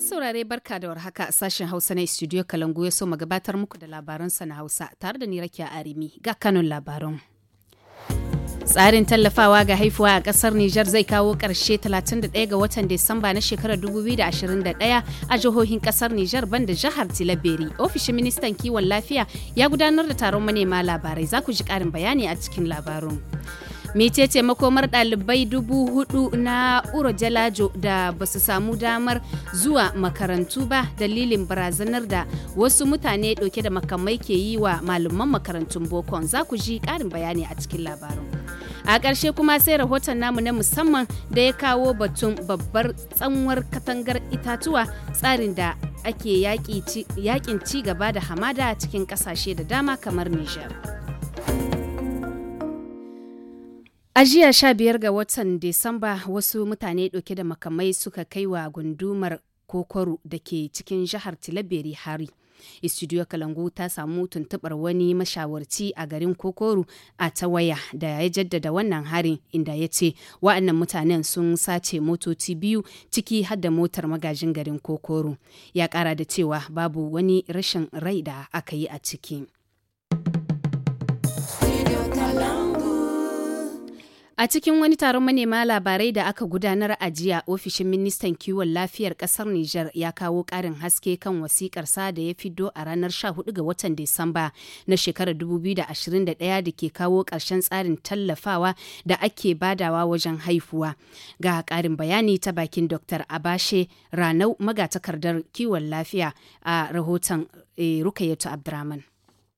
saurare barka da warhaka sashen hausa na studio kalangu ya so magabatar muku da labaransa na hausa tare da ni rakiya arimi ga kanun labaran Tsarin tallafawa ga haifuwa a kasar Nijar zai kawo ƙarshe 31 ga watan Disamba na shekarar 2021 a jihohin kasar Nijar banda jihar Tilaberi. Ofishin ministan kiwon lafiya ya gudanar da taron manema labarai za ku ji ƙarin bayani a cikin labarun. ce makomar ɗalibai dubu hudu na urojalajo da ba su samu damar zuwa makarantu ba dalilin barazanar da wasu mutane ɗauke da makamai ke yi wa malaman makarantun bokon za ku ji ƙarin bayani a cikin labarin a ƙarshe kuma sai rahoton namu na musamman da ya kawo batun babbar tsanwar katangar itatuwa tsarin da ake yakin ci gaba da hamada a cikin ƙasashe da dama kamar Nijar. A jiya sha biyar ga watan disamba wasu mutane ɗauke da makamai suka kai wa gundumar kokoro da ke cikin jihar Tilaberi hari. Studio Kalangu ta samu tuntubar wani mashawarci a garin Kokoro a ta waya da ya jaddada wannan harin inda ya ce wa'annan mutanen sun sace motoci biyu ciki har da motar magajin garin Kokoro. Ya kara da cewa babu wani rashin rai da aka yi a ciki. A cikin wani taron manema labarai da aka gudanar a jiya, ofishin ministan kiwon lafiyar kasar Nijar ya kawo ƙarin haske kan sa da ya fido a ranar 14 ga watan Disamba na shekarar 2021 da ke kawo ƙarshen tsarin tallafawa da ake badawa wajen haifuwa. Ga ƙarin bayani ta bakin Dr. Abashe Ranau magatakardar kiwon lafiya a rahoton e, Rukayatu Abdurrahman.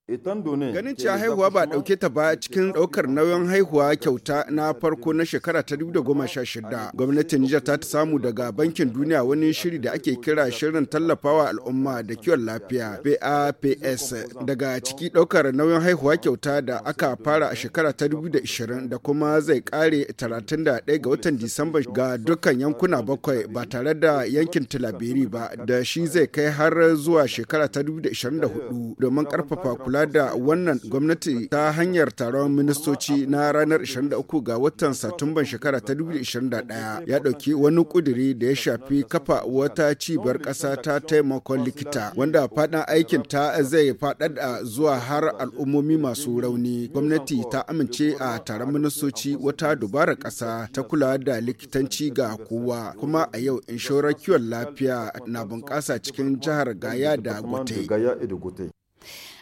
Ganin cewa haihuwa ba ɗauke ta ba cikin ɗaukar nauyin haihuwa kyauta na farko na shekara ta 2016, gwamnatin Nijar ta samu daga Bankin Duniya wani shiri da ake kira shirin tallafawa al'umma da kiwon lafiya PAPS daga ciki ɗaukar nauyin haihuwa kyauta da aka fara a shekara ta 2020 da kuma zai ƙare 31 ga watan Disamba ga dukkan yankuna bakwai ba tare da yankin Tilabiri ba da shi zai kai har zuwa shekara ta 2024 domin ƙarfafa kula kula da wannan gwamnati ta hanyar taron ministoci na ranar 23 ga watan Satumban shekara ta 2021 ya ɗauki wani ƙudiri da ya shafi kafa wata cibiyar ƙasa ta taimakon likita wanda faɗin aikin ta zai faɗaɗa zuwa har al'ummomi masu rauni. Gwamnati ta amince a taron ministoci wata dubara ƙasa ta kula da likitanci ga kowa kuma a yau inshorar kiwon lafiya na bunƙasa cikin jihar Gaya da Gote.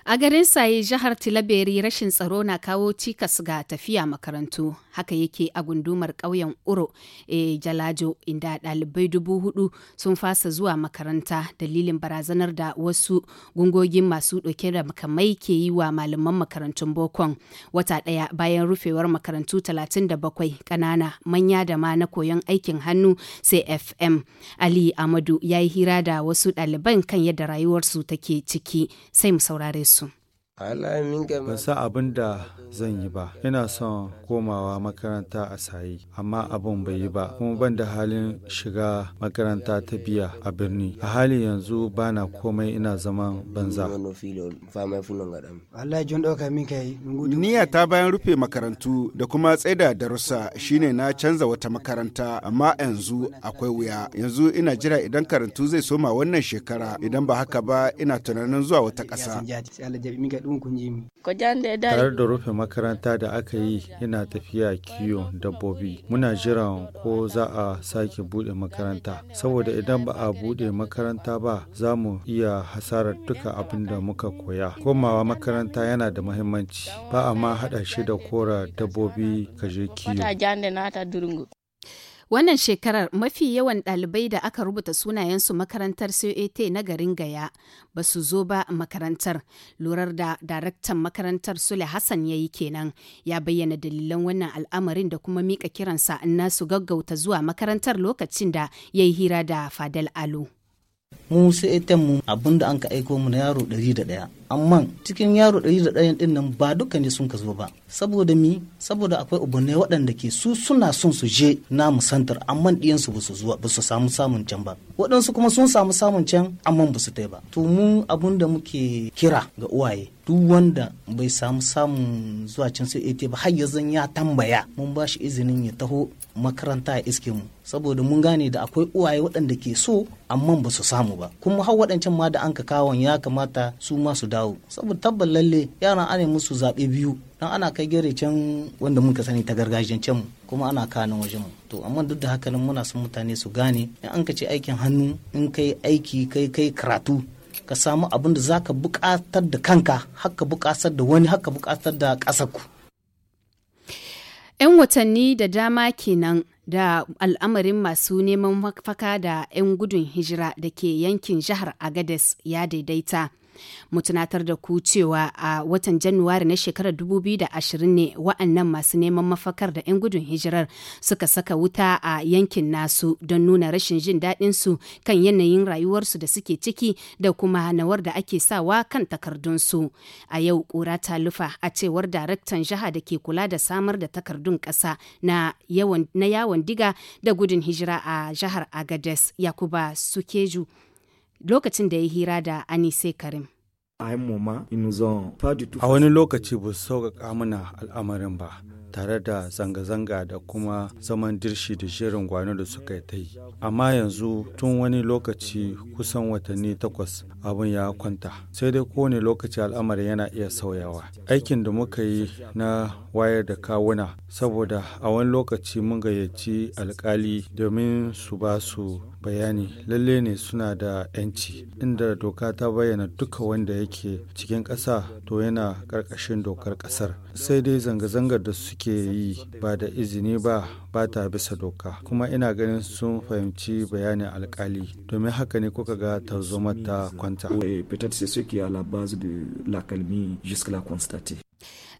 A garin saye jihar Tilaberi rashin tsaro na kawo cikas ga tafiya makarantu. Haka yake a gundumar ƙauyen Uro e Jalajo inda ɗalibai dubu hudu sun fasa zuwa makaranta dalilin barazanar da wasu gungogin masu ɗauke da makamai ke yi wa malaman makarantun bokon. Wata ɗaya bayan rufewar makarantu 37 ƙanana manya da ma na koyon aikin hannu CFM. Ali Amadu ya yi hira da wasu ɗaliban kan yadda rayuwarsu take ciki sai mu saurare su. Ban san abin da zan yi ba, ina son komawa makaranta a sayi, amma abin bai yi ba, kuma ban da halin shiga makaranta ta biya a birni. A halin yanzu ba na komai ina zaman banza. Niyya ta bayan rufe makarantu da kuma tsaida darussa shine na canza wata makaranta, amma yanzu akwai wuya. Yanzu ina jira idan karantu zai soma wannan shekara, idan ba haka ba ina tunanin zuwa wata ƙasa. ɗungungimi. Tare da rufe makaranta da aka yi yana tafiya kiyo dabbobi. Muna jiran ko za a sake buɗe makaranta. Saboda idan ba a buɗe makaranta ba za mu iya hasarar duka abin da muka koya. Komawa makaranta yana da mahimmanci. Ba a ma haɗa shi da kora dabbobi ka je kiwo. Wannan shekarar mafi yawan ɗalibai da aka rubuta sunayensu makarantar COAT na garin Gaya ba su zo ba makarantar. Lurar da daraktan makarantar Sule Hassan ya yi kenan ya bayyana dalilan wannan al'amarin da kuma mika kiransa na su gaggauta zuwa makarantar lokacin da ya yi hira da fadal Alu. Mu COAT mu abinda an ka aiko mu na yaro ɗari da ɗaya. amma cikin yaro ɗari da ɗayan ɗin nan ba duka ne sun ka zo ba saboda mi saboda akwai ubannai waɗanda ke su suna son su je namu santar amma ɗiyansu ba su zuwa ba su samu samun can ba waɗansu kuma sun samu samun can amma ba su tai ba to mu abun da muke kira ga uwaye duk wanda bai samu samun zuwa can sai ete ba har zan ya tambaya mun ba shi izinin ya taho makaranta ya iske mu saboda mun gane da akwai uwaye waɗanda ke so amma ba su samu ba kuma har waɗancan ma da an ka kawon ya kamata su ma su dawo saboda tabbal lalle yaran ana musu zaɓe biyu dan ana kai gere can wanda muka sani ta gargajiyancen mu kuma ana kanin wajen mu to amma duk da haka nan muna son mutane su gane in an ka aikin hannu in kai aiki kai kai karatu ka samu abin da zaka buƙatar da kanka haka buƙatar da wani haka buƙatar da ƙasarku. ku 'yan watanni da dama kenan da al'amarin masu neman mafaka da 'yan gudun hijira da ke yankin jihar agades ya daidaita Mu tunatar da ku cewa a watan Januwari na shekarar 2020 ne wa'annan masu neman mafakar da 'yan gudun hijirar suka saka wuta a yankin nasu don nuna rashin jin daɗin su kan yanayin rayuwarsu da suke ciki da kuma nawar da ake sawa kan takardunsu. A yau ƙura ta lufa a cewar daraktan jiha da ke kula da samar da takardun ƙasa na yawon diga da gudun hijira a jihar Agades Yakuba Sukeju lokacin da ya hira da Anise Karim. A wani lokaci ba su sauƙaƙa mana al'amarin ba, tare da zanga-zanga da kuma zaman dirshi da shirin gwanon da suka yi ta yi amma yanzu tun wani lokaci kusan watanni takwas abin ya kwanta sai dai kowane lokaci al'amari yana iya sauyawa aikin da muka yi na wayar da kawuna saboda a wani lokaci mun gayyaci alkali domin su ba su bayani lalle ne suna da 'yanci inda doka ta bayyana duka wanda yake cikin ƙasa to yana ƙarƙashin dokar ƙasar sai dai zanga-zangar da suke ake yi ba da izini ba ba ta bisa doka kuma ina ganin sun fahimci bayanin alkali domin haka ne kuka ga tarzoma ta kwanta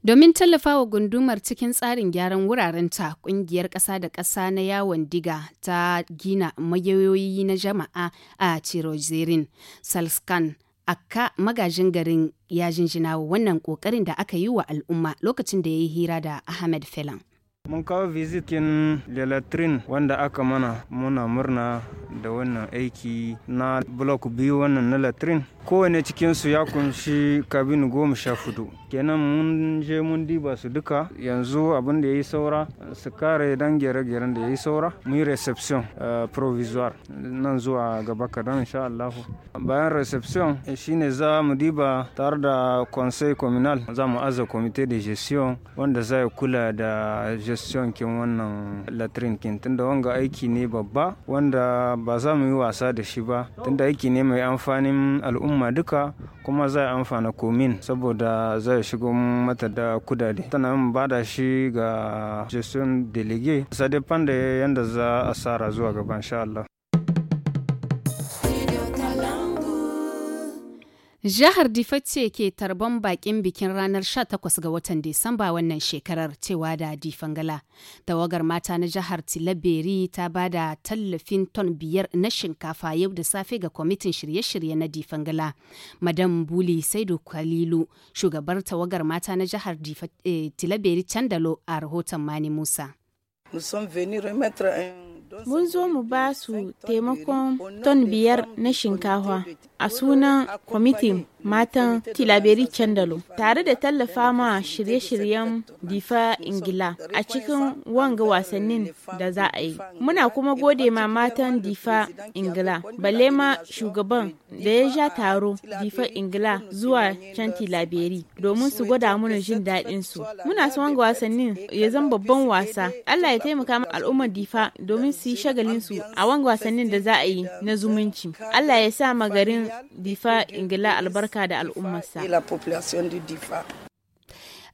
Domin tallafawa gundumar cikin tsarin gyaran wurarenta, kungiyar ƙasa da ƙasa na yawon diga ta gina mayoyoyi na jama'a a Cirozerin, Salskan, Akka magajin garin ya jinjina wannan kokarin da aka yi wa al'umma lokacin da ya yi hira da Ahmed Felan. mun kawo visitin lelatrin wanda aka mana muna murna da wannan aiki na blok biyu wannan na latrin kowane cikinsu ya kunshi kabin goma sha hudu kenan mun je mun diba su duka yanzu abin da ya yi saura su kare dan gere-geren da ya yi saura muyi yi reception eh, provisoire nan zuwa gaba kadan insha Allahu bayan reception shine za mu diba tare da conseil communal za mu aza comité de gestion wanda zai kula da gestion kin wannan latrin kin tunda wanga aiki ne babba wanda ba za mu yi wasa da shi ba tunda aiki ne mai amfanin al'umma duka kuma za amfana komin saboda zai shigo mata da kudade tana yin bada shi ga gestion delegate sadefan da yanda za a sara zuwa gaba insha Allah Jihar Difa ce ke tarban bakin bikin ranar 18 ga watan Disamba wannan shekarar cewa da Difangala. Tawagar mata na jihar Tilaberi ta ba da tallafin ton biyar na shinkafa yau da safe ga kwamitin shirye-shirye na Difangala. Madam Buli Saidu Kalilu, shugabar tawagar mata na jihar eh, Tilaberi Candalo a rahoton Mani Musa. Nous sommes venus remettre un mun zo mu ba su taimakon ton biyar na shinkawa a sunan kwamitin matan tilaberi candalo tare da tallafa ma shirye-shiryen difa ingila a cikin wanga wasannin da za a yi muna kuma gode ma matan difa ingila balle ma shugaban da ya ja taro difa ingila zuwa can tilaberi domin su gwada mana jin daɗin su muna son wanga wasannin ya zama babban wasa allah ya taimaka al'ummar difa domin su yi su a wani wasannin da za a yi na zumunci. Allah ya sa magarin Difa Ingila albarka da al'ummarsa.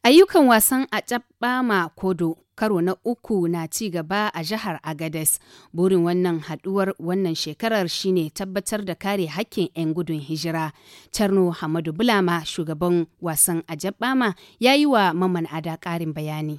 Ayyukan wasan a Cabama Kodo karo na uku na ci gaba a jihar Agades. Burin wannan haduwar wannan shekarar shine tabbatar da kare hakkin 'yan gudun hijira. Tarno Hamadu Bulama shugaban wasan a Jabama ya yi wa Maman Ada ƙarin bayani.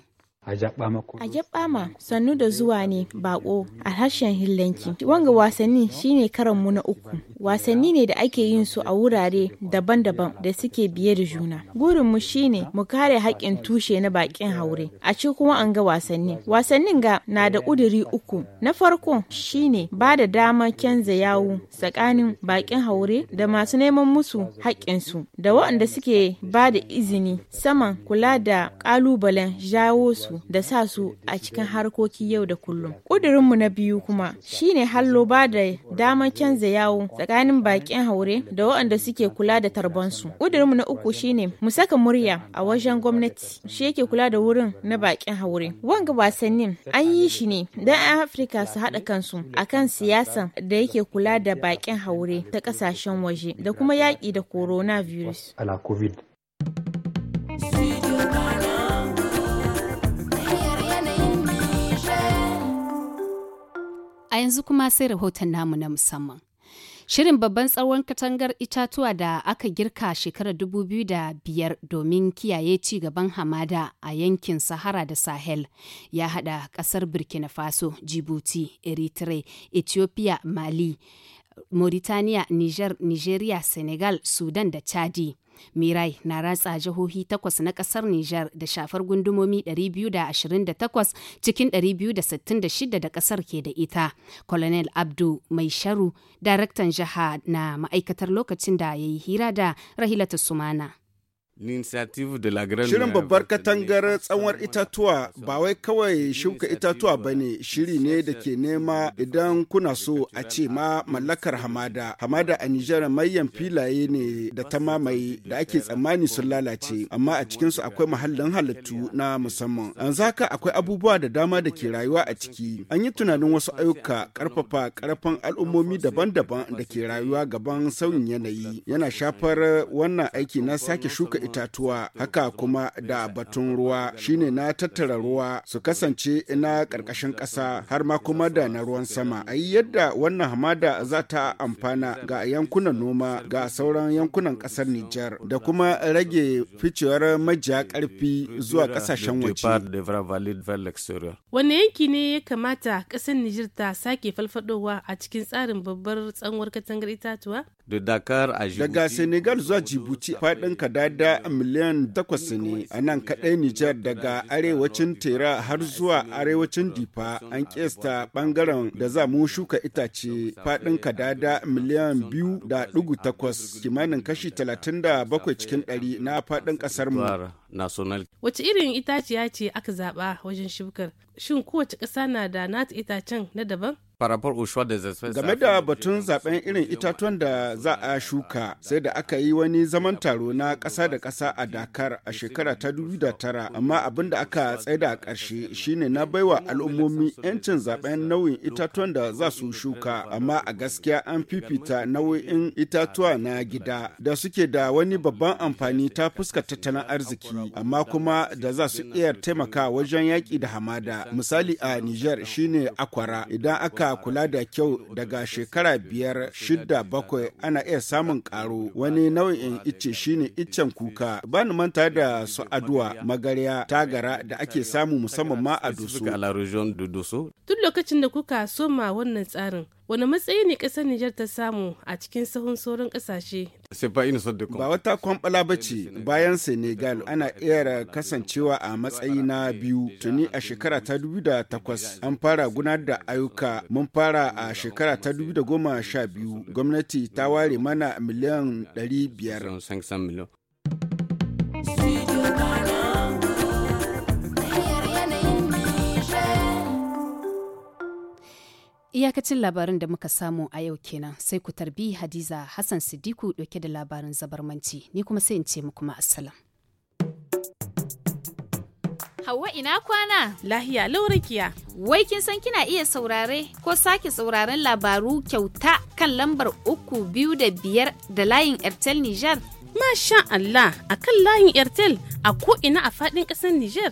Ajabama sannu da zuwa ne bako a harshen hillanki. Wanga wasanni shine karanmu na uku. Wasanni ne da ake yin su a wurare daban-daban da suke biye da juna. Gurinmu mu shine mu kare haƙƙin tushe na bakin haure. A ci kuma an ga wasanni. Wasannin ga na da ƙuduri uku. Na farko shine ba da dama canza yawo tsakanin bakin haure da masu neman musu haƙƙinsu da waɗanda suke ba da izini saman kula da ƙalubalen jawo su su da sa su a cikin harkoki yau da kullum. Ƙudurinmu na biyu kuma shine hallo ba da damar canza yawo tsakanin baƙin haure da waɗanda suke kula da tarbansu. Ƙudurinmu na uku shine mu saka murya a wajen gwamnati shi yake kula da wurin na baƙin haure. Wanga wasannin an yi shi ne don 'yan Afirka su haɗa kansu akan siyasan da yake kula da baƙin haure ta ƙasashen waje da kuma yaƙi da coronavirus. Ala COVID. A yanzu kuma sai rahoton namu na musamman. Shirin babban tsawon katangar itatuwa da aka girka shekarar biyar domin kiyaye ci gaban hamada a yankin Sahara da Sahel ya haɗa ƙasar Burkina Faso, jibuti Eritrea, Ethiopia, Mali, Mauritania, Niger, Nigeria, Senegal, Sudan da Chadi. Mirai na ratsa jihohi takwas na ƙasar Nijar da shafar gundumomi 228 cikin 266 da ƙasar ke da ita. Colonel Abdu Mai Sharu, daraktan jiha na ma'aikatar lokacin da ya yi hira da Rahilata Sumana. Shirin babbar katangar tsawon itatuwa ba wai kawai shuka itatuwa ba ne euh, shiri ne da ke nema idan kuna so a ce ma mallakar hamada. Hamada a Nijar mayan filaye ne da ta mamaye da ake tsammani sun lalace amma a cikinsu akwai mahallin halittu na musamman. An zaka akwai abubuwa da dama da ke rayuwa a ciki. An yi tunanin wasu ayyuka karfafa karfan al'ummomi daban-daban da ke rayuwa gaban sauyin yanayi. Yana shafar wannan aiki na sake shuka itatuwa haka kuma da batun ruwa shine na tattara ruwa su kasance na ƙarƙashin ƙasa har ma kuma da na ruwan sama a yi yadda wannan hamada za ta amfana ga yankunan noma ga sauran yankunan ƙasar Nijar da kuma rage ficewar majiya ƙarfi zuwa ƙasashen waje. Wanne yanki ne ya kamata ƙasar Nijar ta sake falfadowa a cikin tsarin babbar tsanwar katangar itatuwa? Daga Senegal zuwa Jibuti faɗin kadada yara miliyan takwas ne a nan kadai Nijar daga arewacin Tera har zuwa arewacin Difa an kesta bangaren da za mu shuka itace faɗin kadada miliyan biyu da dugu takwas kimanin kashi talatin da bakwai cikin dari na fadin kasar mu. Wace irin itaciya ce aka zaɓa wajen shukar? Shin kowace ƙasa na da nata itacen na daban? farafar ushuwa da game da batun zaben irin itatuwan da za a shuka sai da aka yi wani zaman taro na ƙasa da ƙasa a dakar a shekara ta da tara amma abin da aka tsaida a ƙarshe shine na baiwa al'ummomi 'yancin zaben nauyin itatuwan da za su shuka amma a gaskiya an fifita nau'in itatuwa na gida da suke da wani babban amfani ta fuska tattalin arziki amma kuma da za su iya taimaka wajen yaƙi da hamada misali a niger shine akwara idan aka a kula da kyau daga shekara biyar shidda bakwai ana iya samun karo wani nau'in ice shine iccen kuka ba ni manta da su aduwa magarya tagara da ake samu musamman ma a dusu. Tun lokacin da kuka soma wannan tsarin wani matsayi ne ƙasar Nijar ta samu a cikin sahun sauran ƙasashe. Ba wata kwambala ba ce bayan Senegal ana iya kasancewa a matsayi na biyu tuni a shekara ta takwas an fara gudanar da ayuka mun fara a shekara ta biyu gwamnati ta ware mana miliyan biyar. Iyakacin labarin da muka samu a yau kenan sai ku tarbi Hadiza Hassan Sidiku dauke da labarin zabarmanci ni kuma sai in ce muku ma assalam. Hauwa ina kwana? Lahiya laurakiya. Wai kin san kina iya saurare ko sake sauraren labaru kyauta kan lambar uku biyu da biyar da layin Airtel Niger? Masha Allah a kan layin Airtel a ko ina a fadin ƙasar Niger